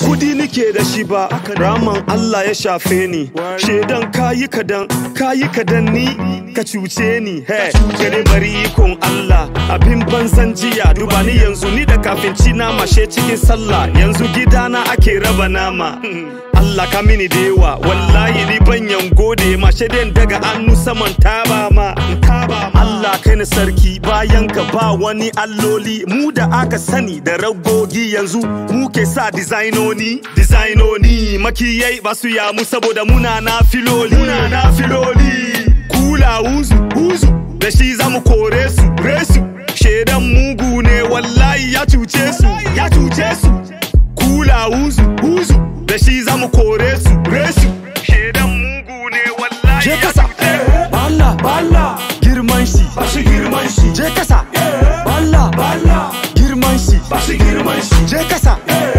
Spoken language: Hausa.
ba kudi nike da shi ba raman Allah ya shafe ni shedan kayi kadan kayi kadan ni ka cuce ni he gare bari ikon Allah abin ban san jiya duba ni yanzu ni da kafin ci na mashe cikin sallah yanzu gidana ake raba nama Allah ka mini dewa wallahi ni ban banyan gode mashe den daga hannu saman ba ma wani sarki bayan ka ba wani alloli mu da aka sani da ragogi yanzu mu ke sa dizainoni dizainoni makiyai ba su yamu saboda muna na filoli muna na filoli kula huzu huzu da shi za mu kore su resu shedan mugu ne wallahi ya cuce su ya cuce su kula huzu huzu da shi za mu kore su resu shedan mugu ne wallahi ya cuce su. girmaysi Başı girmaysi Cekasa Balla Balla Girmaysi Başı girmaysi Cekasa yeah.